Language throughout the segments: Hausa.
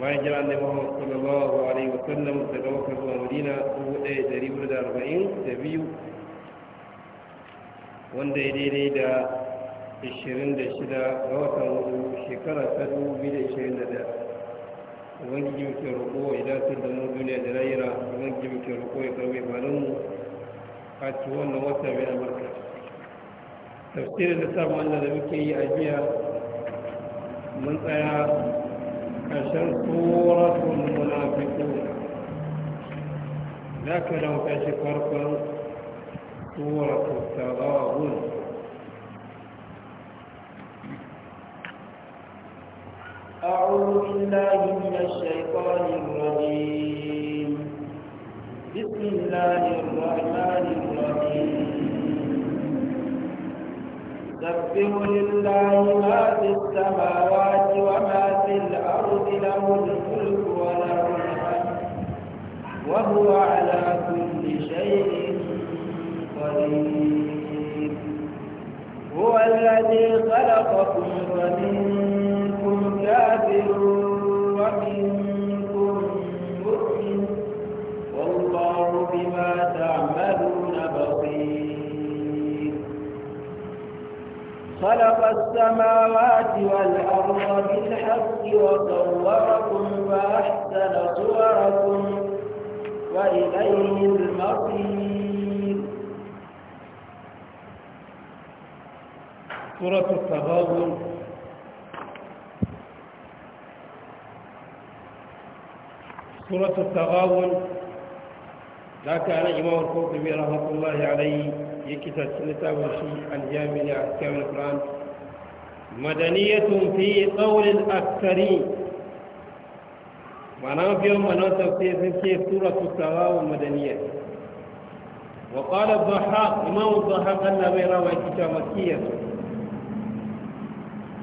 bayan jira da muhammad sallallahu alaihi wasallam daga makar zuwa madina 1442 wanda ya daidai da 26 ga watan hudu shekara ta 2021 ubangiji muke roƙo idan sun da mu duniya da rayira ubangiji muke roƙo ya karbe balinmu a ci wannan wata mai albarka tafsirin da samun da muke yi a jiya mun tsaya أشر سورة المنافقون ذاك لو تشكركم سورة التغابن أعوذ بالله من الشيطان الرجيم بسم الله الرحمن الرحيم سبح لله ما في السماوات وما في الأرض له الملك وله الحمد وهو على كل شيء قدير هو الذي خلقكم ومنكم كافرون خلق السماوات والأرض بالحق وصوركم فأحسن صوركم وإليه المصير سورة التغابن سورة التغابن ذاك على إمام القرطبي رحمة الله عليه يكتا سنتا وشي الجامع لأحكام القرآن مدنية في قول الأكثرين معنى في يوم أنا تفسير في سورة السواء والمدنية وقال الضحاق إمام الضحاق أن أبي روى كتاب مكية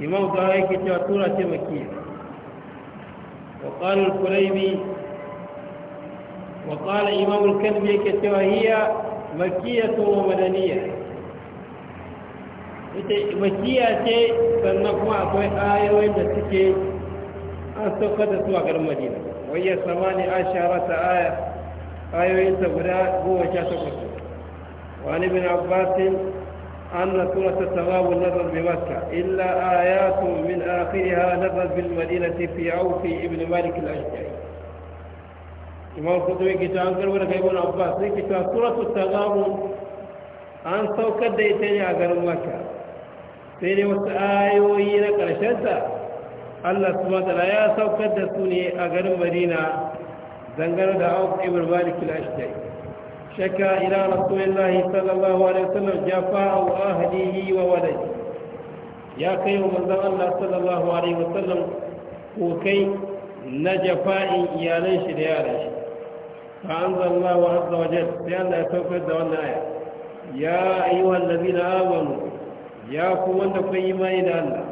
إمام الضحاق كتاب سورة مكية وقال الكليبي وقال إمام الكلبي كتاب هي مكية ومدنية makiya ce sannan kuma akwai ayoyin da suke an sauka da su a garin madina wayyar sama ne an shara ta aya ayoyinta guda goma sha takwas wani bin abbasin an na tura ta sababu nazar bi makka illa ayatun min akhiriha nazar bil madinati fi aufi ibn malik al-ashjari imam kutubi ke cewa an karbi daga ibn abbas sai ke cewa suratu tagabun an saukar da ita ne a garin maka sai dai wasu ayoyi na ƙarshenta allah su matala ya saukar da su ne a garin madina dangane da auk ibn malik al-ashtai shakka ila rasulillahi sallallahu alaihi wasallam jafa'u ahlihi wa waladi ya kai wa manzon allah sallallahu alaihi wasallam kokai na jafa'in iyalan shi da yaran shi فأنزل الله عز وجل لأن يتوفد وانا آية يا أيها الذين آمنوا يا كون تقيم إلى الله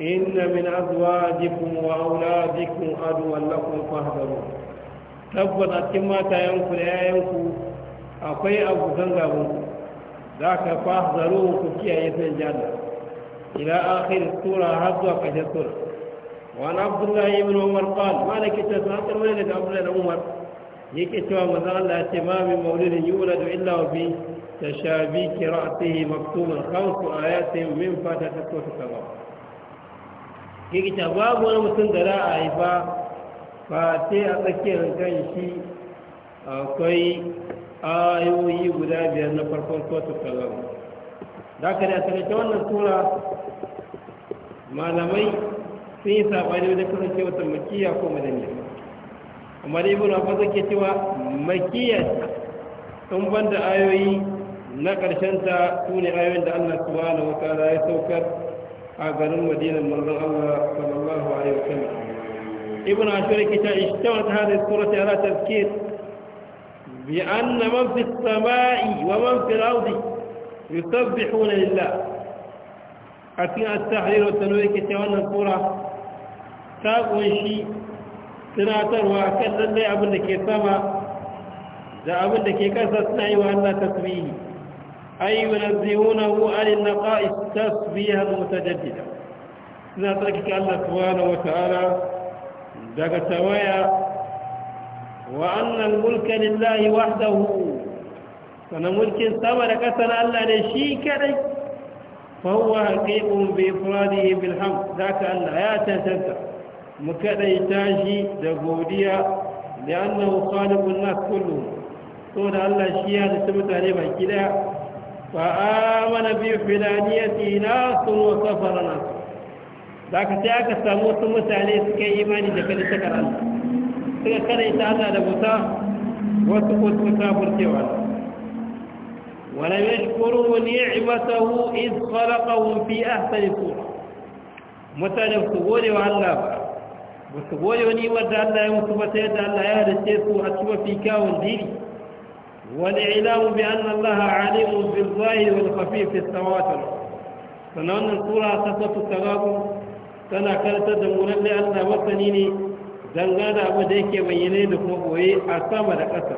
إن من أزواجكم وأولادكم أدوا لكم فاحذروا تبت أتما تيمكم لآيانكم أقوي أبو زنغابكم ذاك فاحذروه كي يسن جانا إلى آخر السورة هذا قد السورة عبد الله بن عمر قال ما لك تسعة من عبد الله بن عمر yake cewa manzon Allah ya ce ma min maulidin yuladu illa wa bi tashabi qira'atihi maktuman khamsu ayatin min fata tasawwuf sama yake cewa babu wani mutum da ra'a haifa ba sai a tsakiyar kan shi akwai ayoyi guda biyar na farkon sotu kalam da ka da a tsakaita wannan tura malamai sun yi saɓani wajen kasance wata makiya ko madaniya kamar ibn abbas yake cewa makiyar tun banda ayoyi na karshen ta tuni ayoyin da Allah subhanahu wa ta'ala ya saukar a garin madinar manzon Allah sallallahu alaihi wa sallam ibn ashur yake cewa ishtawat hadhihi surati ala tazkir bi anna man fi samai wa man fi al-ardi yusabbihuna lillah a cikin at-tahrir wa tanwir yake wannan sura ta kunshi tunatarwa kan lallai abin da ke sama da abin da ke kasa suna yi wa Allah tasbihi ay yunazzihunahu anil naqa'is tasbihan mutajaddida suna tsarkake Allah subhanahu wata'ala daga tawaya wa annal mulka lillahi wahdahu Sana mulkin sama da kasa na Allah ne shi kadai fa huwa haqiqun bi ifradihi bil hamd zaka Allah ya tantance mukaɗaita tashi da godiya da an na hukali kunna kullu so da allah shi ya da mutane ba gida ba a mana biyu filaniyati na sun wasa farana ba ka sai aka samu wasu mutane suka yi imani da kalita karan suka karaita ana da wuta wasu wasu wuta burkewa wani mashkuru ne ya ci masa hu in tsara ƙawun fi a sani su mutane su gode wa allah ba ba su goyi wani wadda Allah ya mutu ba ta yadda Allah ya halice su a ci mafi kyawun diri wani ilamu bi an Allah alimu bil zahiri wal khafi fi sawatar sanannan tura ta satu tagagu tana karanta da mu lalle Allah masani ne dangane da abu da yake bayyane da kuma boye a sama da ƙasa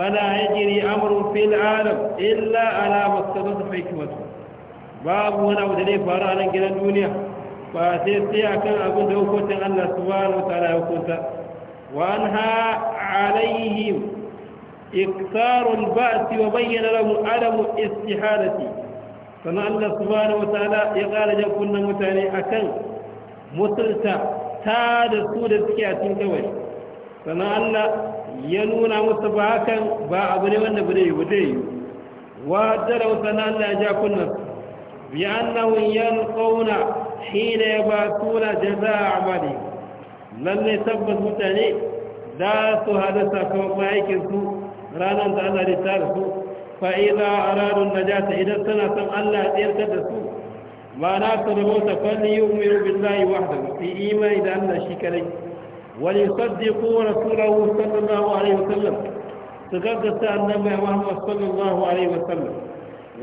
fala yajri amrun fil alam illa ala maqsadati hikmatu babu wani abu da zai faru a nan gidan duniya ba sai sai akan abin da hukuncin Allah subhanahu wa ta'ala hukunta wa anha alaihim iktarul ba'si wa bayyana lahum adamu istihadati sannan Allah subhanahu wa ta'ala ya kara jan kunnan mutane akan musulta ta da su da suke a cikin kawai sannan Allah ya nuna musu ba hakan ba abu ne wanda ba zai yi ba zai yi wa jara sannan Allah ya ja kunnan bi annahu yanquna Hina ya ba حين يباتون جزاء أعمالهم lalle tabbas mutane za su hada sakamakon aikinsu ranar da Allah ya da su fa'iza a ranar najata idan tana son Allah tsirka da su ba na su da mota kwalli yi umaru billahi wahda su imani da Allah shi kadai wani saddiku wa rasulahu sallallahu alaihi wasallam su gaggasta annabi Muhammad sallallahu alaihi wasallam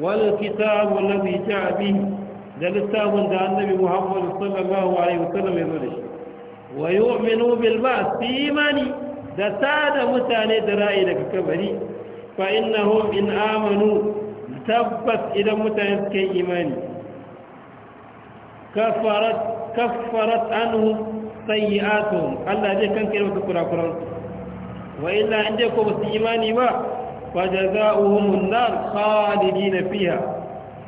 Wani kitabu allazi ja'a bihi da littafin da annabi muhammad sallallahu alaihi wasallam ya zo da shi wa yu'minu bil ba'th imani da ta da mutane da ra'ayi daga kabari fa innahum in amanu tabbas idan mutane suka yi imani kafarat kafarat anhum sayyi'atuhum Allah zai kankare musu kurakuran wa illa in dai ko ba su imani ba fa jazaohum an-nar khalidina fiha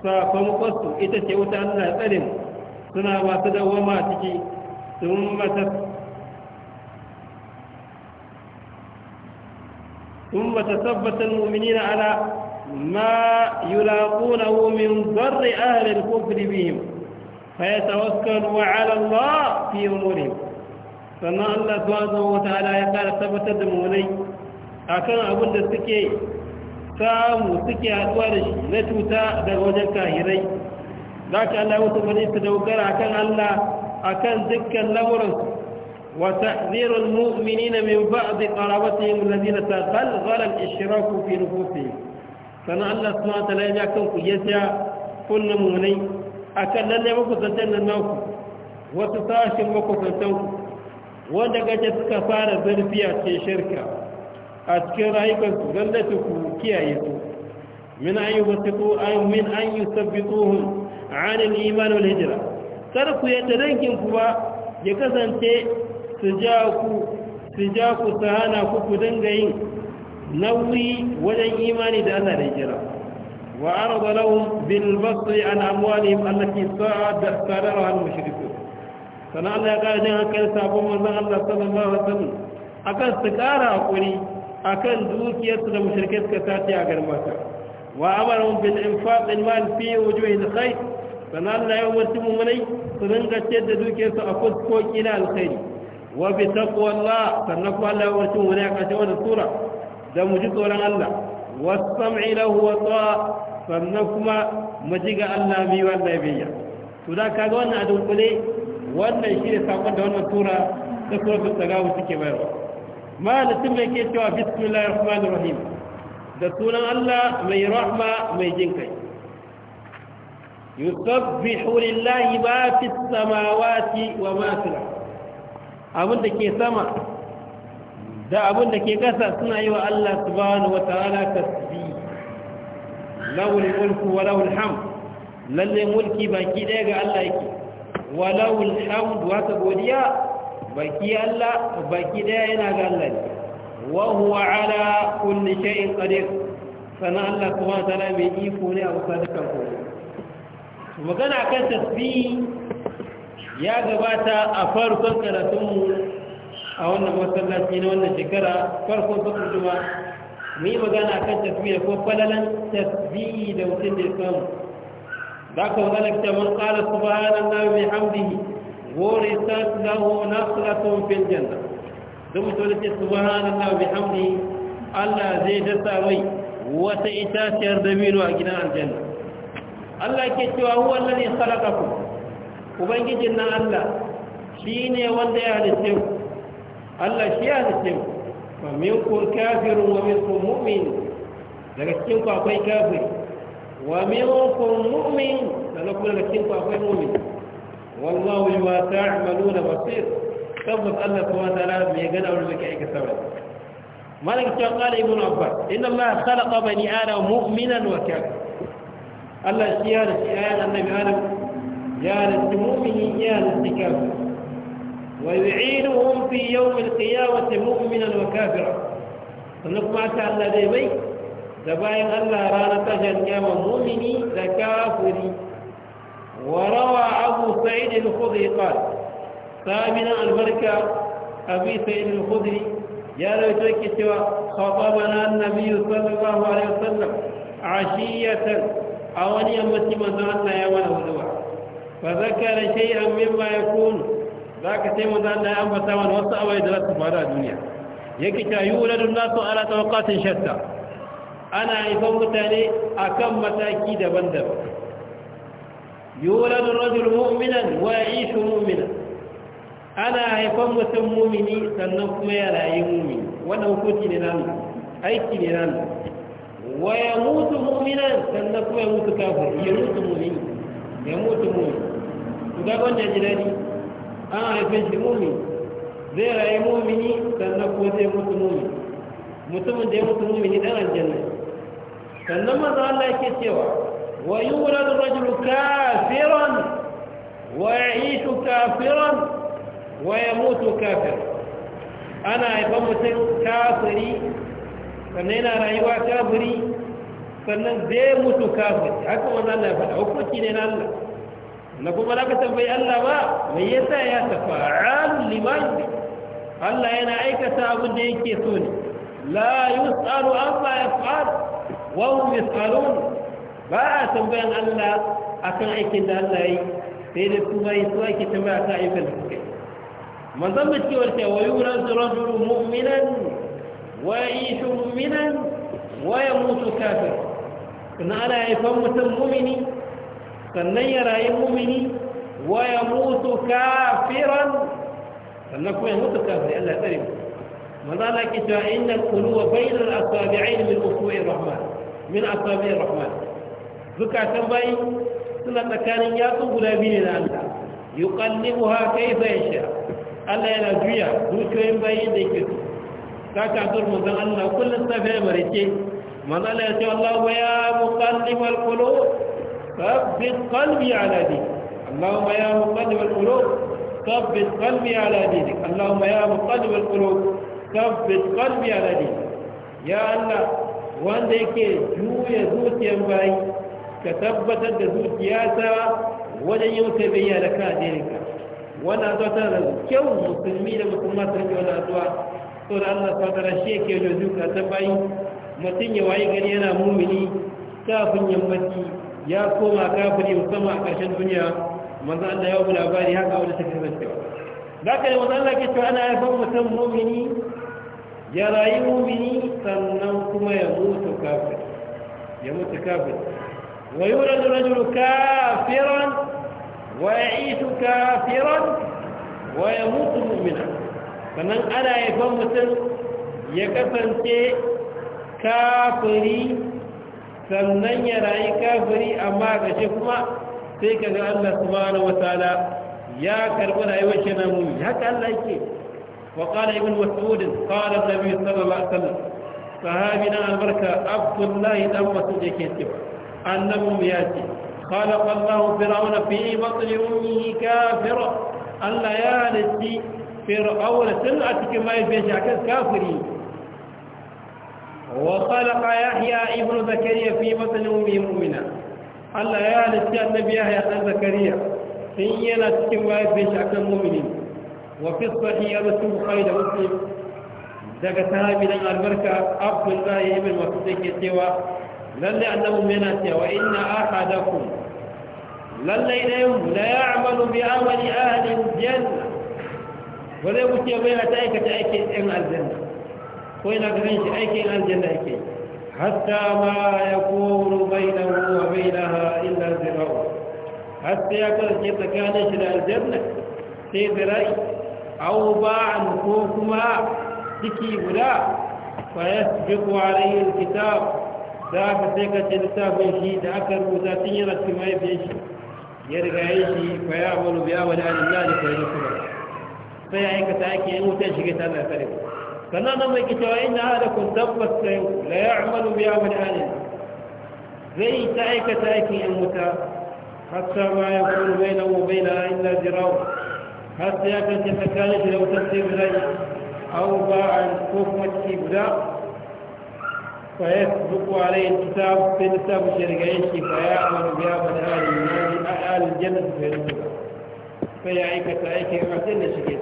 sakamakonsu ita ce wuta Allah tsarin suna ba masu dawama ciki sun mata tabbatar mummini na ala ma yulaƙuna min zarri ahalin kofin bihim faya tawaskar wa alallah fi umuri sannan Allah zuwa zuwa wata ala ya kara tabbatar da mulai akan abin da suke samu suke haɗuwa da shi na cuta daga wajen kahirai za ka Allah wasu bane su dogara a kan Allah a kan dukkan lamuransu wa ta'zirul mu'minina min ba'd qarabatihim alladhina taghalghala al-ishraku fi nufusihim sana Allah subhanahu wa ta'ala ya kan ku yasa kullu mu'minai akan lalle muku zantan nan naku wasu sashin muku zantan ku wanda gaje suka fara zurfiya ce shirka a cikin rayukansu don da ku kiyaye su min an yi wasu min an yi sabbi tsohon anin imanin hijira Kar ku yadda dangin ku ba ya kasance su ja ku su ku hana ku ku dinga yin nauyi wajen imani da Allah da hijira wa arada lahum bil basri an amwalihim allati sa'ada sadara al mushrikun sana Allah ya kara jin hankali sabon manzon Allah sallallahu alaihi wasallam akan su kara hakuri akan dukiyarsu da mushrikai suka sace a garmata wa amarahum bil infaq al mal fi wujuhi yin khair sannan Allah ya umarci mummunai su ringa ciyar da dukiyarsu a fuskoki na alkhairi wa bi taqwallah sannan kuma Allah ya umarci mummunai a ƙarshen wannan tura. da mu ji tsoron Allah wa sam'i lahu wa ta'a sannan kuma mu ji ga Allah mi wallahi biya to da kaga wannan a dunkule wannan shi ne sakon da wannan tura. da suratul tagawu suke bayarwa malatin mai ke cewa bismillahir rahmanir rahim da sunan Allah mai rahma mai jin kai yusabbihu lillahi ma fis samawati wa ma fil abin da ke sama da abin da ke kasa suna yi wa Allah subhanahu wa ta'ala tasbih lahu al-mulku wa lahu al-hamd lalle mulki baki daya ga Allah yake wa lahu al-hamd wa ta godiya baki Allah baki daya yana ga Allah ne wa huwa ala kulli shay'in qadir sana Allah kuma tana mai iko ne a wasa dukan komai magana kan tasbihi ya gabata a farkon karatunmu a wannan masallaci na wannan shekara farkon sukar juma mu yi magana kan tasbihi ko falalan tasbihi da mutum da ya samu za ka magana ta man kala subhanallahi wa bihamdihi ورثت له نخلة في الجنة ثم تقول سبحان الله بحمده الله زيد الثاوي وتئتاس يردمين وأجناء الجنة الله كتوى هو الذي خلقكم وبنجي جنة الله شيني وانده أهل السيو الله شي أهل السيو فمنكم كافر ومنكم مؤمن لك السيوك akwai كافر ومنكم مؤمن mu'min daga kuma daga cikinku wallahu bima ta'maluna basir tabbas Allah subhanahu wa ta'ala mai gana wurin da kake sawa malik ta qala ibn abbas inna Allah khalaqa bani adam mu'minan wa kafir Allah shi ya rashi ayan annabi ya rashi mu'mini ya rashi kafir wa yu'iduhum fi yawm al-qiyamati mu'minan wa kafira kuma bayan Allah ranar tashin kiyama mu'mini da kafiri وروى أبو سعيد الخضري قال ثامنا البركة أبي سعيد الخضري يا لو تركي سوى خطبنا النبي صلى الله عليه وسلم عشية أو أن يمتي مزعنا يا وله فذكر شيئا مما يكون ذاك سيما ذانا أنبتا ونوسع ويدرس فهذا الدنيا يكتا يولد الناس على توقات شتى أنا عفوتني أكم متاكيد بندب يولد الرجل مؤمنا ويعيش مؤمنا ana haifan mutum mumini sannan kuma ya rayu mumini wannan hukunci ne nan, aiki ne nan. wa ya mutu muminan sannan kuma ya mutu kafir ya mutu mumini ya mutu mumini to ga wanda ji dadi an haifin shi mumini zai rayu mumini sannan kuma zai mutu mumini mutumin da ya mutu mumini dan aljanna sannan maza Allah yake cewa ويولد الرجل كافرا ويعيش كافرا ويموت كافرا انا يبمت كافري فنين انا ايوا كافري فنن زي موت كافري حتى ما زال يفعل حكمتي لنا الله لكم ملاك تنبي الله ما ميتا يا تفاعل لمن الله انا ايك تابد يكيسوني لا يسأل الله يفعل وهم يسألون ba a tambayan Allah akan aikin da Allah yi sai da su bai su ake tambaya akan aikin da suka yi manzon da cewa ta wayu razu rajulu mu'minan wa yishu mu'minan wa yamutu kafir kana ala haifan mutum mu'mini sannan ya rayu mu'mini wa yamutu kafiran sannan kuma ya mutu kafir Allah ya tsare mu manzo Allah ke cewa innal quluba bayna al-asabi'ain min usu'i rahman min asabi rahman zukatan bayi suna tsakanin yatsun guda biyu ne na Allah yuqallibuha kayfa yasha Allah yana juya dukiyoyin bayi da yake so ka kafir manzon Allah kullum safe da marike man Allah ya ce Allah wa ya muqallibal qulub tabbit qalbi ala dinik Allahumma ya muqallibal qulub tabbit qalbi ala dinik Allahumma ya muqallibal qulub tabbit qalbi ala dinik ya Allah wanda yake juya zuciyar bayi ka tabbatar da zuciyata wajen yau ta bayyana da kan addininka wannan addu'a ta da kyau musulmi da musulma ta rike wannan addu'a to da Allah ta tara shi yau zuka ta bayi mutum ya waye gari yana mumini kafin yammaci ya koma kafiri musamman a ƙarshen duniya manzo Allah ya yi labari haka wanda take kasancewa zaka kai manzo Allah ke cewa ana haifar mutum mumini ya rayu mumini sannan kuma ya mutu kafiri ya mutu kafiri ويولد الرجل كافرا ويعيش كافرا ويموت مؤمنا فمن أنا يفهم مثل يكفن كافري sannan ya rayu kafiri amma gashe kuma sai ka ga Allah subhanahu wataala ya karbi rayuwar shi na mumi haka Allah yake wa qala ibn mas'ud qala an-nabi sallallahu alaihi wasallam na albarka abdullahi dan mas'ud yake cewa annabin ya ce khalaqa Allahu fir'auna fi batni ummihi kafira Allah ya halitti fir'auna tun a cikin mahaifiyar shi akan kafiri wa khalaqa Yahya ibn Zakariya fi batni ummihi mu'mina Allah ya halitti annabi Yahya dan Zakariya tun yana cikin mahaifiyar shi akan mu'mini wa fi sahih al-Bukhari da Muslim daga sahabi dan albarka Abdullah ibn cewa lalle annabi yana cewa inna ahadakum lalle idan la ya'malu bi amali ahli janna wanda kuke mai ta aikata aikin ɗan aljanna ko ina ganin shi aikin aljanna yake hatta ma yakunu bainahu wa bainaha illa zira'u hatta ya kasance tsakanin shi da aljanna sai zira'i aw ba'an ko kuma ciki guda fa yasbiqu alayhi alkitab da aka sai ka ce littafin shi da aka rubuta tun yana cikin mahaifiyar shi ya riga ya shi fa ya amalu biya wa da'an Allah da kwaye kuma sai ya aikata ake yin wutar shiga ta na kare sannan nan mai kitawa inda hada kun tabbas kai la ya amalu biya wa da'an zai ta aikata ake yin wuta hatta ma ya kuma bai na wa bai na illa jirawo har sai ya kasance tsakanin shi da wutar sai guda au ba an ko kuma ciki guda فيسبق عليه الكتاب في كتاب الشركة فيأمر بها من آل النار آل الجنة في فيدخلها فيعيك تعيك أحسن شكيت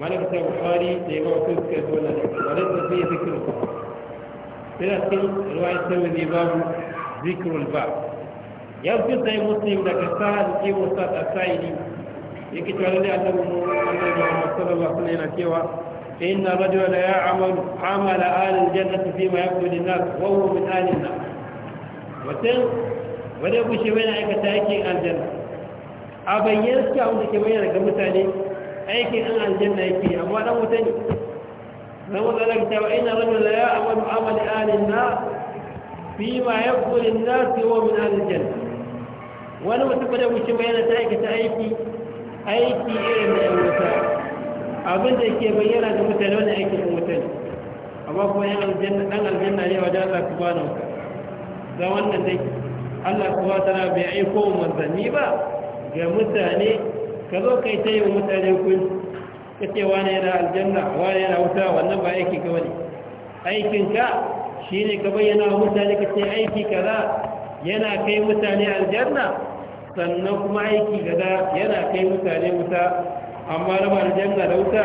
ملك البخاري كيف تذكر ولا وليس فيه ذكر الباب في الأسكين رواية الترمذي باب ذكر الباب يذكر زي مسلم لك سهل في وسط السائلين يكتب لنا أنه محمد صلى الله عليه وسلم Inna إن رجلا يعمل عمل آل الجنة فيما يقبل الناس وهو من آل النار وتن wani abu shi mai aikata aikin aljanna a bayyana suke abin da ke bayyana ga mutane aikin an aljanna yake amma dan wuta ne zan wata da cewa ina rajula ya Amala amali alin na fi ma ya kuri na siwa min aljanna wani mutum da wuce bayyana ta aikata aiki aiki irin da ya wuta abin da ke bayyana da mutane wani aiki da mutane amma kuma yana aljanna dan aljanna ne wajen Allah subhanahu wa da wannan dai Allah subhanahu wa na bai aiko manzanni ba ga mutane ka zo kai ta yi mutane kun kace wani yana aljanna wani yana wuta wannan ba aiki ka wani aikin ka shine ka bayyana wa mutane ka ce aiki kaza yana kai mutane aljanna sannan kuma aiki gada yana kai mutane wuta amma raba janga da wuta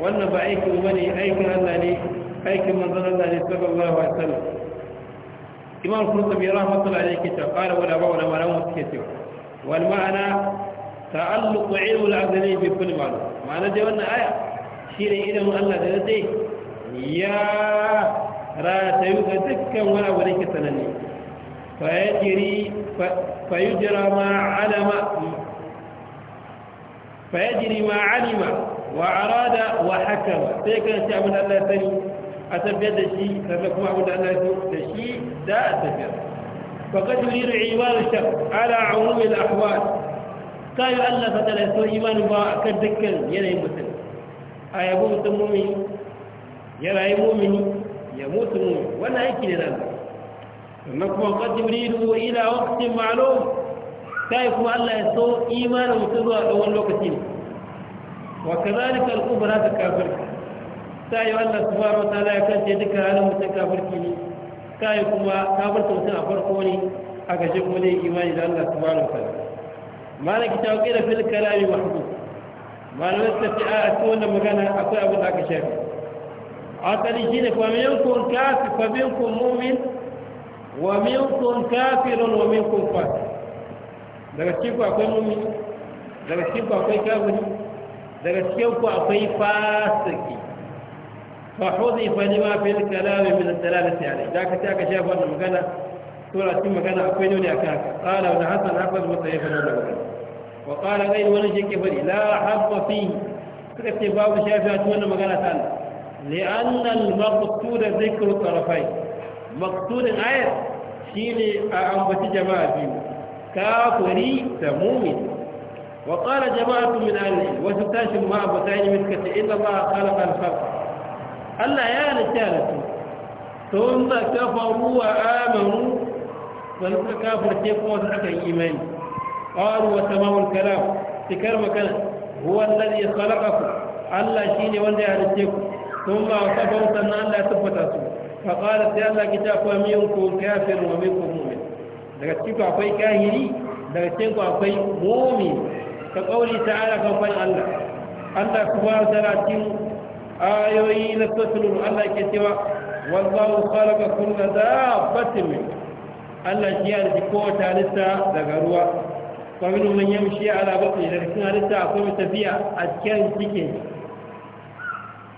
wannan ba aikin bane aikin Allah ne aikin manzon Allah ne sallallahu alaihi wasallam imam qurtubi rahmatullahi alayhi ta qala wala ba wala malamu suke cewa wal ma'ana ta'alluq ilmu al-azali bi kulli ma'lum ma'ana dai wannan aya shine idan Allah da zai ya ratayu ga dukkan wani abu da yake sananne fa yajri fa yujra ma alama fa yajri ma alima wa arada wa hakama sai kan shi abin Allah ya sani a tafiyar da shi sannan kuma abin da Allah ya da shi da a tafiyar fa qad yuridu imanu shar ala umumi al-ahwal kai Allah fa tala so imanin ba a akan dukkan yanayin mutum a yabo mutum mumini ya rayu mumini ya mutu mumini wannan aiki ne nan? Allah sannan kuma qad yuridu ila waqtin ma'lum kai kuma Allah ya so imanin mutum zuwa tsawon lokaci ne wa kazalika al-kubra ta kafir sai Allah subhanahu wa ta'ala ya kace duka halin mutum kafirki ne kai kuma kafirta mutum a farko ne a gaje kuma ne imani da Allah subhanahu wa ta'ala malaki ta kira fil kalami mahdud malamai ta ce a cikin magana akwai abin da aka shafi asali shine fa kun kafir fa kun mu'min wa min kun kafir wa min kun fasik daga cikin ku akwai mumini daga cikin ku akwai kafiri daga cikin ku akwai fasiki fa hudifa lima fil kalam min al-dalalati alayhi da ka ta ka shafa wannan magana sura cikin magana akwai nuni akan haka qala wa hasan hafiz mutayyibun wannan magana wa qala ghayru wani shi kafiri la habba fi suka ce babu shafi a wannan magana ta Allah لأن المقصود ذكر طرفين مقصود الآية شيني أنبت جماعة بيو kafuri da mumin وقال جماعة من أهل وستاش ما أبو تاني مسكت إلا الله خلق الخلق ألا يا رسالة ثم كفروا وآمنوا ولكن كافر تيقوز أكا إيمان قالوا وسمعوا الكلام تكرم كان هو الذي خلقكم ألا شين ولي أهل تيقوز ثم وصفوا سنة ألا تفتسوا فقالت يا الله كتاب ومنكم كافر ومنكم مؤمن daga cikin akwai kahiri daga cikin akwai momi ta kauri ta ala kamfan Allah Allah subhanahu wa ta'ala cikin ayoyi na suratul Allah ke cewa wallahu khalaqa kulla dabbatin min Allah shi ya rike kowace halitta daga ruwa kwamin mun yi shi ala batni daga cikin halitta akwai mai tafiya a cikin cikin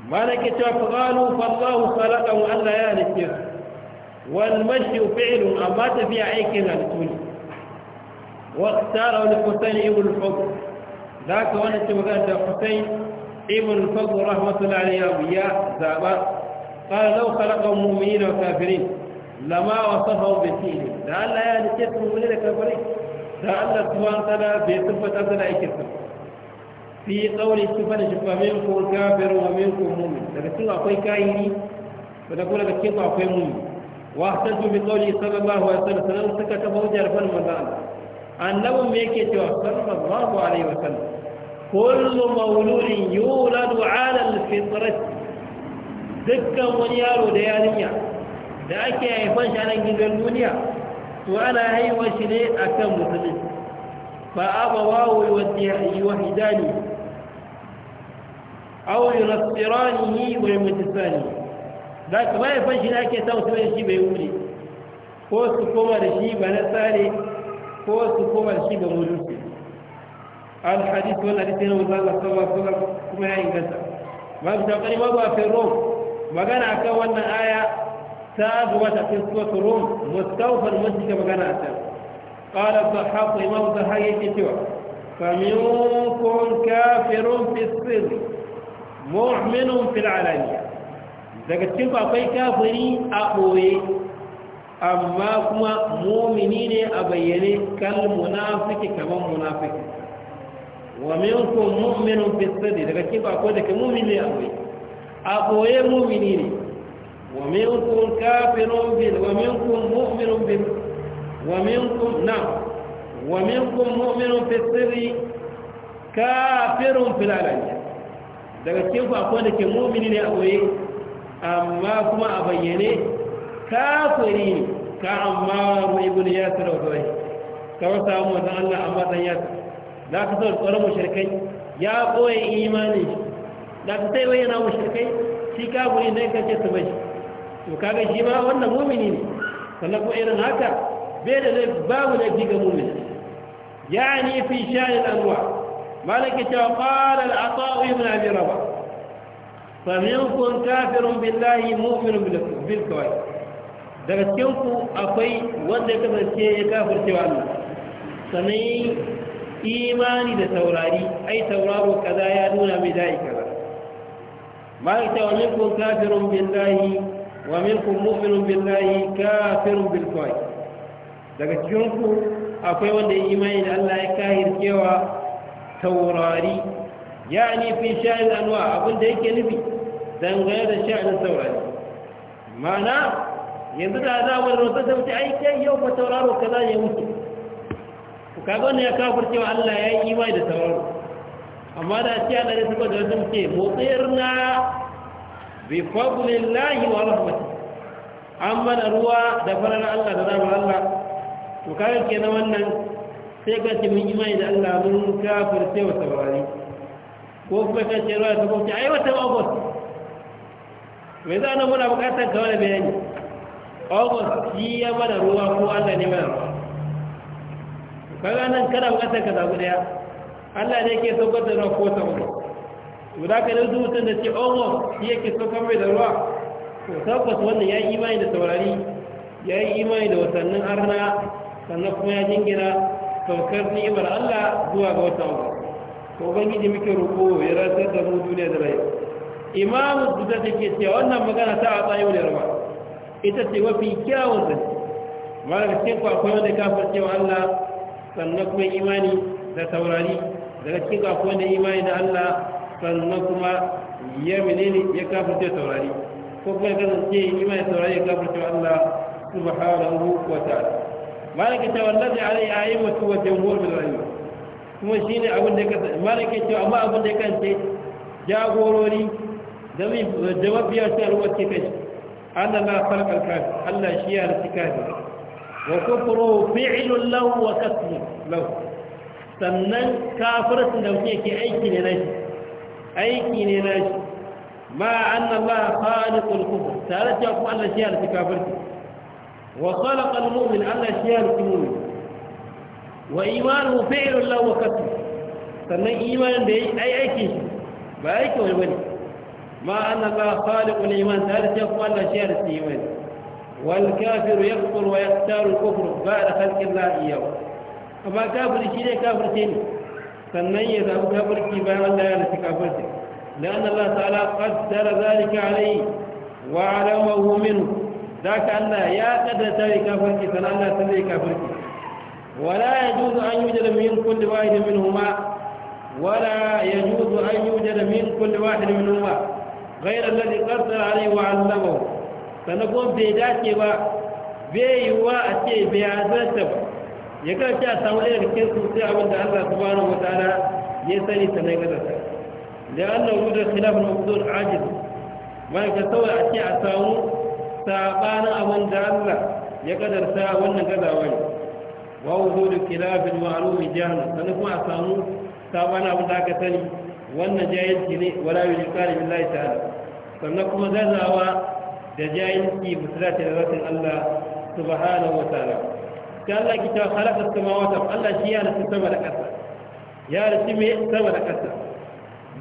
malaka ta fa qalu fallahu khalaqa wa Allah ya rike wal mashi fi'lu amma ta fi aiki na tuni wa tsara wal kutai ibn al-fuq da ka wani ce magana da kutai ibn al-fuq rahmatullahi alayhi wa ya zaba fa law khalaqa mu'minina wa kafirin lama wasafa bi tin da Allah ya ce ku mun da kafiri da Allah ku an tada bi da aiki fi tsauri ku fa da ku fa mun mu'min da ku akwai kayi ku da ku da ku akwai mu'min واحتجوا بقوله صلى الله عليه وسلم سنن سكت فوجر فالمزان النبو ميكي صلى الله عليه وسلم كل مولود يولد على الفطرة دكا ونيارو ديانية da ake haifan shi a nan gidan duniya to ana haihuwar shi ne a kan ba a ba wawo yi wa hidani au yi rasirani yi wa yi za ka baya fashi da ake samun su da shi bai wuri ko su koma da shi ba na tsare ko su koma da shi ba mulusi al na wanda Allah sallallahu alaihi kuma ya inganta ba ta kare ma ba fi rom magana wannan aya ta zuwa ta cikin surat rom mustawfal masjid magana a can ta الضحاك إمام الضحاك يكتب فمنكم كافر في السر مؤمن في العلانية daga cikin akwai kafiri a ɓoye amma kuma momini ne a bayyane kal munafiki kaman munafiki wa ku mu'minun fi sirri daga cikin akwai daga momini a ɓoye a ɓoye momini ne wa ku kafirun bil wa ku mu'minun bil wa ku na wa ku mu'minun fi sirri kafirun fil alaniya daga cikin akwai daga momini ne a ɓoye amma kuma a bayyane kafiri ka amma mai ibn yasir wa kawai kawai samun wata allah amma dan yasir za ka sau tsoron mashirkai ya ɓoye imanin shi da ka sai bayyana mashirkai shi kafiri ne ka ce su bai to kaga shi ma wannan mumini ne sannan kuma irin haka bai da zai babu da ga mumini ya ni fi shanin al'uwa malaka cewa ƙwarar a tsawon ibn abi rabah faminkum kafirun billahi mu'minun bil kawai daga cikin ku akwai wanda ya kasance ya kafirce wa Allah sanai imani da taurari ai tauraro kaza ya nuna mai da'i kaza ma ita wa minkum kafirun billahi wa minkum mu'minun billahi kafirun bil kawai daga cikin ku akwai wanda ya imani da Allah ya wa taurari Ya yani fi sha'in anwa abinda yake nufi dangane da sha'in saurari mana yanzu da za mu rosa ta wuce ai yau ba tauraro kaza ne wuce ku kaga wannan ya kafir cewa Allah ya yi imani da tauraro amma da ce Allah ne saboda wasu muke mutsirna bi fadlillahi wa rahmatihi an mana ruwa da farar Allah da zama Allah to kaga na wannan sai ka ce mun imani da Allah mun kafir cewa taurari ko kuma kan ce ruwa ta bauchi ai watan august mai za na muna bukatar ta wani bayani august shi ya mana ruwa ko allah ne mana ruwa kaga nan kada bukatar ka zaɓi ɗaya allah ne ke saukar da ruwa ko ta wani guda ka da mutum da ce august shi yake saukar mai da ruwa to tabbas wannan ya yi imani da taurari ya yi imani da watannin arna sannan kuma ya jingina saukar ni'imar allah zuwa ga wata august to ubangiji muke roko ya rasar da mu duniya da rai imamu guda take ke cewa wannan magana ta a tsayo da rama ita ce mafi kyawun zai malaga cikin ku akwai wanda kafar cewa allah sannan kuma imani da taurari daga cikin ku akwai wanda imani da allah sannan kuma ya menene ya kafar cewa taurari ko kuma ya kasance imani taurari ya kafar cewa allah subhanahu wa ta'ala da cewa lalle alai ayyamatu wa jamhur bil ilmi kuma shi ne abin da ya kasance malam ke cewa amma abin da ya kasance jagorori da mafiya ke kai an na farkar kafin allah shi ya rasu kafin wa kufuru fi'ilun lau wa kasbu lahu sannan kafirsun da mutum ke aiki ne na shi aiki ne na shi ma an allah khaliqul tare da kuma allah shi ya rasu kafirsun wa khalaqa mumin allah shi ya rasu mu'min وإيمانه فعل الله وكتبه سنة إيمان بأي أي أي كيش بأيك والبني ما أن الله خالق الإيمان ثالث يقوى الله شعر السيمان والكافر يكفر ويختار الكفر بعد خلق الله إياه أما كافر شيء كافر تاني سنة يذهب كافر كيبان الله يالسي كافر تاني لأن الله تعالى قدر ذلك عليه وعلمه منه ذاك أن يا قدر تاني كافر كيبان الله تاني كافر كيبان ولا يجوز أن يوجد من كل واحد منهما ولا يجوز أن يوجد من كل واحد منهما غير الذي قدر عليه وعلمه فنقوم بذاته بيوا أتي بيعزته يقول شاء سولي لكي سوسي من الله سبحانه وتعالى يسني سنقدرته لأنه وجود خلاف المفضول عاجز ما يكتوى أتي أساوه سابانا أبن الله يقدر ساعة ونقدر وانه wa wuhudu kilafin ma'alumi jahannam sannan kuma a samu sabon abin da aka sani wannan jahilci ne wala yi jikari billahi ta'ala sannan kuma gazawa da jahilci musulati da rasin Allah su subhanahu wa ta'ala ta Allah ki ta halaka samawata Allah shi ya rasu sama da ƙasa ya rasu me sama da ƙasa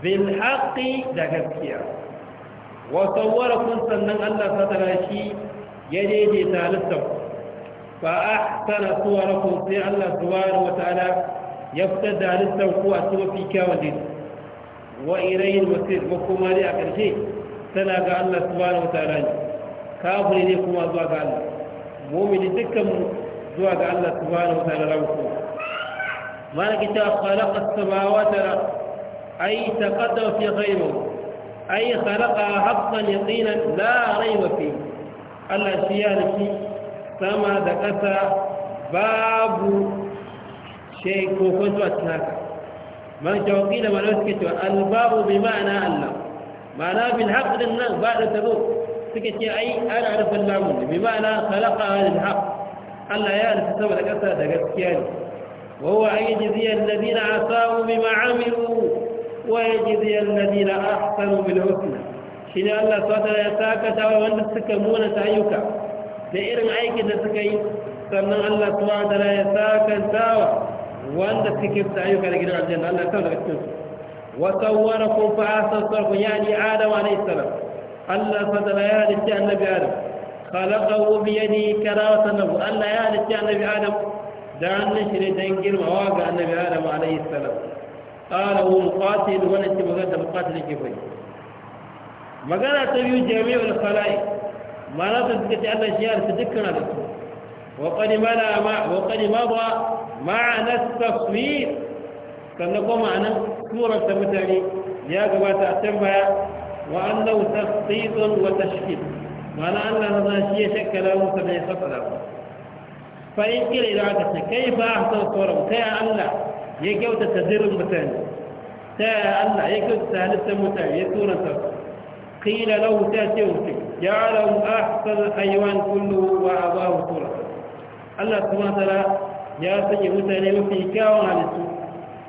bil haqqi da gaskiya wa sawwarakum sannan Allah sa ta tara shi ya daidaita halittar فأحسن صوركم في الله سبحانه وتعالى يفتد عن السوق في كاوجد وإليه المسير وكما لي أكل شيء سنة الله سبحانه وتعالى كافر إليكم أزواج الله مؤمن دكم زواج الله سبحانه وتعالى ما مالك خلق السماوات أي تقدم في غيره أي خلقها حقا يقينا لا ريب فيه الله فيه sama da ƙasa babu shai ko kwanto a cikin haka man shawaki da malar suke cewa albabu bai ma'ana allah ma'ana bin haƙurin nan ba da tabo suke ce ai ana rufin lamun da bai ma'ana salaka halin allah ya halitta sama da ƙasa da gaskiya ne وهو يجزي الذين عصاوا بما عملوا ويجزي الذين ta بالحسنى شين الله سبحانه wanda suka وانت سكمونة أيوكا da irin aikin da suka yi sannan Allah su ma ta'ala ya sakantawa wanda suke ta ayyuka da gidan aljanna Allah ya daga cikin su wa sawwarakum fa asawwarakum yani adam alayhi salam Allah fadala ya halitta annabi adam khalaqahu bi yadihi karawatan lahu Allah ya halitta annabi adam da hannun shi ne dan girmawa ga annabi adam alayhi salam qala hu muqatil wa nati magana da muqatil ke bai magana ta biyu jami'ul khalaiq mana su suka ce Allah shi yarsa dukkan halittu wa qad mana ma wa qad mada ma'ana tasmir sannan kuma ma'anan surar ta mutane ya gabata a can baya wa annahu tasdidun wa tashkil mana Allah na shi ya shakkala musu bai fasala ba fa in kila idan aka ce kai ba a san sauran ta ya Allah ya kyautata zirin mutane ta ya Allah ya kyautata halittar mutane ya turanta qila lahu ta ce wuce جعلهم أحسن حيوان كله وأباه ترى الله سبحانه وتعالى يا سيدي متعلم وفي كاون على السوق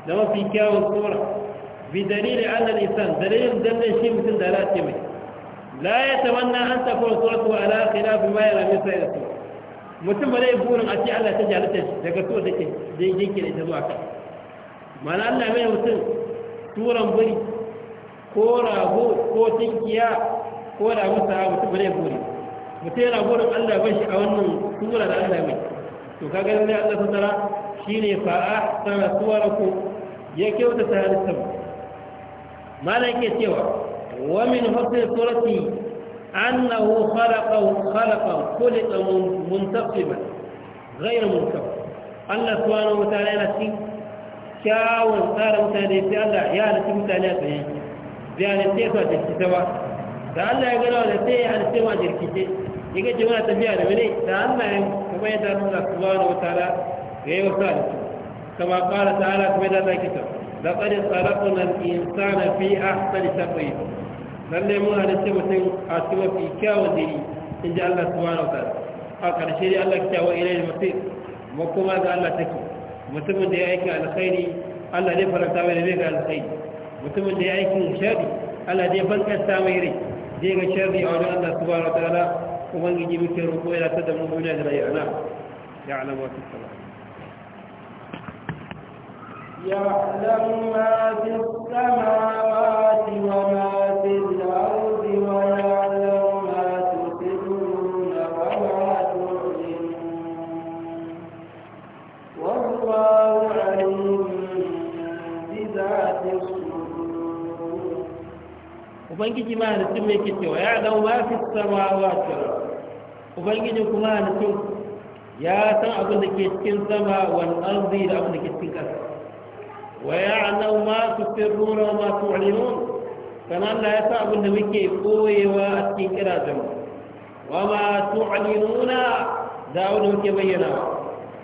لما في كاون سورة بدليل أن الإنسان دليل دليل شيء مثل دلات يمين لا يتمنى أن تكون صورته على خلاف ما يرى من سائر السورة mutum ba zai burin أتي ce تجعل ta jalata shi daga so take zai jinkin ita zuwa kai mana Allah mai mutum turan buri ko da musa mutum ne buri mutum yana burin allah ban shi a wannan sura da allah mai to ka gani ne allah tara shi ne fa'a sana suwar ku ya kyauta ta halittar malam ke cewa wa min hussein surati annahu khalaqa khalaqa khulqa muntasiban ghayr munkab Allah subhanahu wa ta'ala yana cikin kyawun tsara mutane sai Allah ya halitta mutane a tsaye Bayanin halitta su a tafi ta ba da Allah ya gana da sai ya halitta ma jirkice yake gaji mana tafiya da wani da Allah ya kuma ya da nuna su zuwa wata ala ya yi wasu halittu kama ƙara ta ala kuma ya da kita da tsari tsarakun al'insana fi a tsari ta tsaye lalle mun halitta mutum a cikin mafi kyawun diri in ji Allah subhanahu da ta'ala a ƙarshe dai Allah kita wa da mutum mu kuma ga Allah take mutumin da ya aiki alkhairi Allah ne faranta mai da mai ga alkhairi mutumin da ya aiki shari Allah ne bankasta mai rai zai ga sharri a wajen Allah subhanahu wa ta'ala ubangiji muke roƙo yana ta da mu duniya da rayuwa ya alama wasu sama يعلم ما في السماوات وما في الأرض ubangiji ma cin mai ke cewa ya dawo ma fi sama wa cewa ubangiji kuma cin? ya san abin da ke cikin sama wani arzi da abin da ke cikin ƙasa wa ya zama ma su firruna wa ma su ulinun sannan ya san abin da muke koyewa a cikin kirajen wa ma su ulinuna da abin da muke bayyana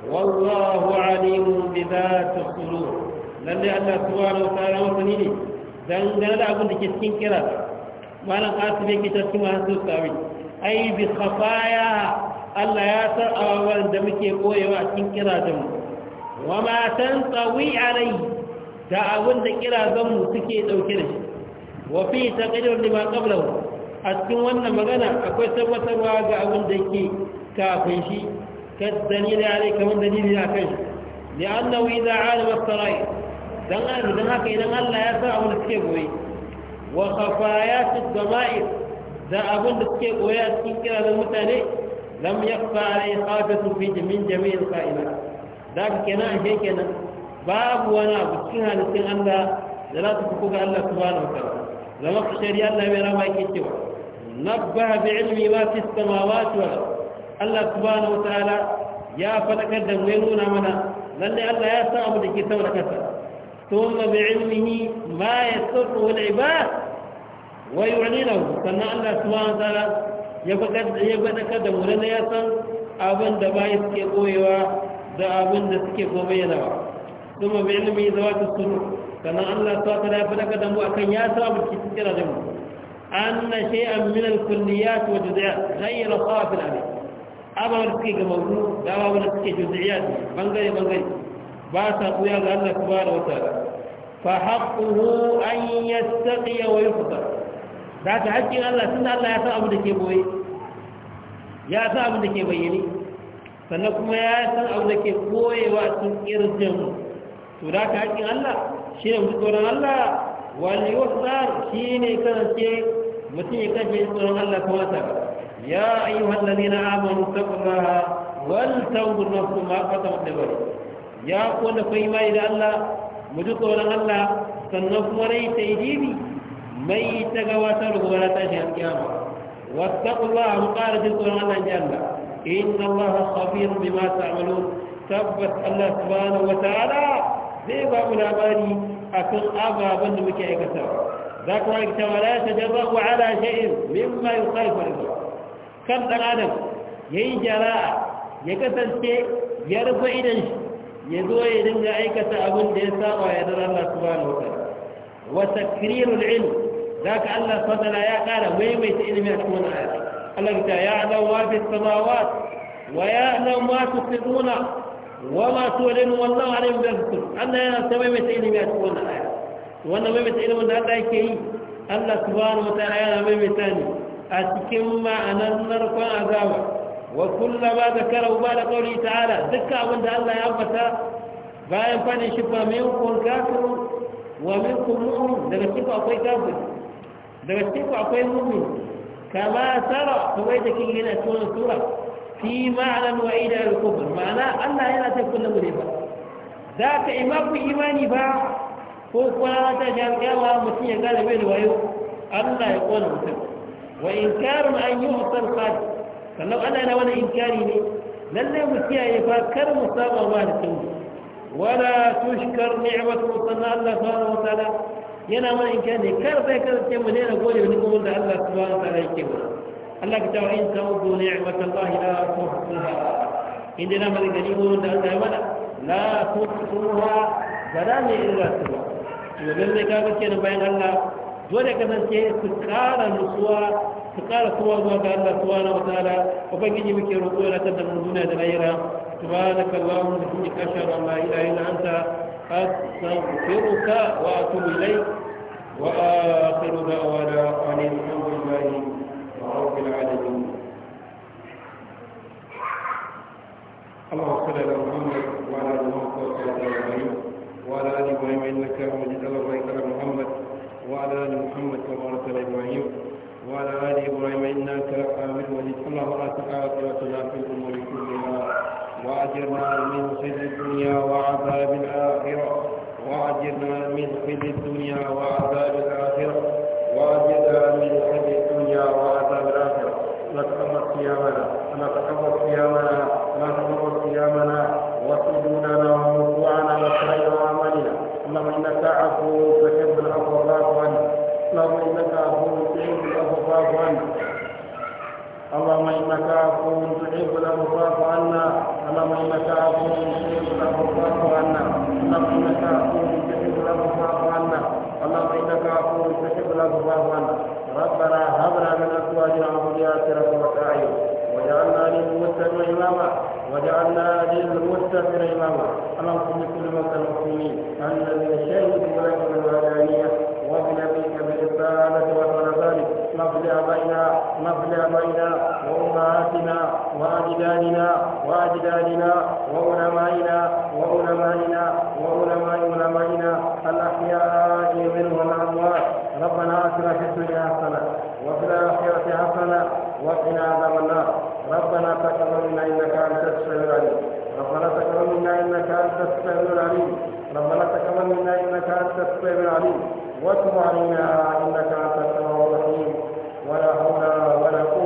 wallahu alimun bi za ta tsoro lallai Allah subhanahu wa ta'ala masani ne dangane da abin da ke cikin kira malam asibi yake ta cikin masu sawi ai bi khafaya Allah ya san awawan da muke koyewa cikin kirazan mu wa ma tawi alai da abin da kirazan mu suke dauke da shi wa fi taqdir lima qablahu a cikin wannan magana akwai tabbatarwa ga abin da yake kafin shi كالدليل عليه كمان دليل على كيش لأنه إذا عالم haka idan Allah إذا san لا يسرع من السكبوي wa khafayatu dama'ir da abin da suke koya cikin kiranin mutane lam yakfa alai hajatu fi min jami'il qa'ila da kenan ashe kenan babu wani abu cikin halittun Allah da za su kuku ga Allah subhanahu wa ta'ala zama ku shari'a Allah mai rama yake cewa nabbaha bi ilmi ma fi samawati wal Allah subhanahu wa ta'ala ya fadakar da mu ya nuna mana lalle Allah ya san abu da ke saboda kasa thumma bi ilmihi ma yasru al ibad wai wani na sannan allah subhanahu wa ta'ala ya faɗaƙar da mu na ya san abin da bayi suke koyewa da abin da suke ko bayyanawa kuma bai ilimi da ta suru sannan allah ta ta ya faɗaƙar da mu akan ya samu cikin kira da mu an na shay'an min al-kulliyat wa juz'iyat ghayr qafil Aba ababar suke ga mawdu da ababar suke juz'iyat bangare bangare ba sa kuya ga allah subhanahu wa ta'ala fa haqquhu an yastaqiya wa yuftar da ta haƙƙin Allah tunda Allah ya san abu da ke boye ya san abu da ke bayyane sannan kuma ya san abu da ke koyewa sun irjin to da ta haƙƙin Allah shi ne mutu Allah wani yusar shi ne kasance mutum ya kashe tsoron Allah kuma ta wata ya ayyuhan lalina amanu taqullaha wal tanzur nafsu ma qaddamat li ghad ya ko da kai mai da Allah mu Allah sannan kuma rai ta yi dibi من يتقى وسره ولا تجهل القيامة واتقوا الله قال جلتنا على الجنة إن الله خبير بما تعملون ثبت الله سبحانه وتعالى زيبا من أباني أكل أبا بن مكي أكتب ذكر أكتب لا يتجرأ على شيء مما يخالف عنه كم تنعلم يجراء يكتب شيء يرفع إليه يدوى إذن أكتب أبن جيسا ويدر الله سبحانه وتعالى وتكرير العلم za ka allah sadala ya kara maimaita ilimin a cikin wani alarta ya alau wa fi samawa wa ya alau ma su fi wa ma su walin wallan a rin bankin allah yana ta maimaita ilimin a cikin aya wannan maimaita ilimin da allah ke yi allah su bani wata yana maimaita ne a cikin ma'anar narkon azawa wa kulla ba da kara ba da kauri ta'ala dukkan abin da allah ya ambata bayan fadi shi ba mai kun wa mai kun daga cikin akwai kafin daga cikin ku akwai mu'min kama tara kamar da kin yana tona sura fi ma'anan wa'ida al-kufr ma'ana Allah yana ta kula mu ne ba da ka imaku imani ba ko kwana ta jargawa mutum ya gane bai da wayo Allah ya kona mutum wa inkarun an yi hutar fadi sannan ana yana wani inkari ne lallai mu kiyaye fa kar mu saba ma da tauri wala tushkar ni'matu sanna Allah subhanahu wa ta'ala yana mana in ne kar sai kar sai mu daina gode wani kuma da Allah subhanahu wa ta'ala yake mana Allah ka tawa in ta'udu ni'matallahi la tuhsuha inda na mali gani mun da Allah ya mana la tuhsuha bara ne illa su ba to lalle ka ga kenan bayan Allah dole ka zance su kara nutsuwa su kara kowa zuwa ga Allah subhanahu wa ta'ala ubangiji muke roƙo ya ta da mun duniya da lahira subhanakallahumma bihamdika ashhadu an la ilaha illa anta أستغفرك وأتوب إليك وآخر دعوانا أن الحمد لله رب العالمين اللهم صل على محمد وعلى آل محمد وعلى آل إبراهيم إنك مجيد الله بارك على محمد وعلى آل محمد وبارك على إبراهيم وعلى آل إبراهيم إنك حميد مجيد اللهم لا تعاقبتنا في الأمور كلها وأجرنا من خزي الدنيا وعذاب الآخرة وأجرنا من خزي الدنيا وعذاب الآخرة وأجرنا من خزي الدنيا وعذاب الآخرة نتقم صيامنا نتقم صيامنا نتقم صيامنا وسجودنا وركوعنا وخير عملنا اللهم إنك عفو تحب العفو فاعف عنا اللهم إنك عفو تحب العفو فاعف عنا اللهم انك عفو تحب الابصار عنا اللهم انك عفو تحب الابصار عنا اللهم انك عفو تحب الابصار عنا اللهم انك عفو تحب الابصار عنا ربنا هب لنا من ازواجنا وذرياتنا قرة اعين وجعلنا للمتقين اماما وجعلنا للمتقين اماما اللهم صل لكل موتى المسلمين الذين شهدوا لك بالوحدانيه وبنبيك برسالة والرسالة مفزع أبينا مفزع أبينا وأمهاتنا وأجدادنا وأجدادنا وعلمائنا وعلمائنا وعلماء علمائنا الأحياء منهم الأموات ربنا آتنا في الدنيا حسنة وفي الآخرة حسنة وقنا عذاب النار ربنا تكرم منا إنك أنت السميع العليم ربنا تكرم منا إنك أنت السميع العليم ربنا تكرم منا إنك أنت السميع العليم وتب علينا إنك أنت الرحيم ولا هنا ولا قوة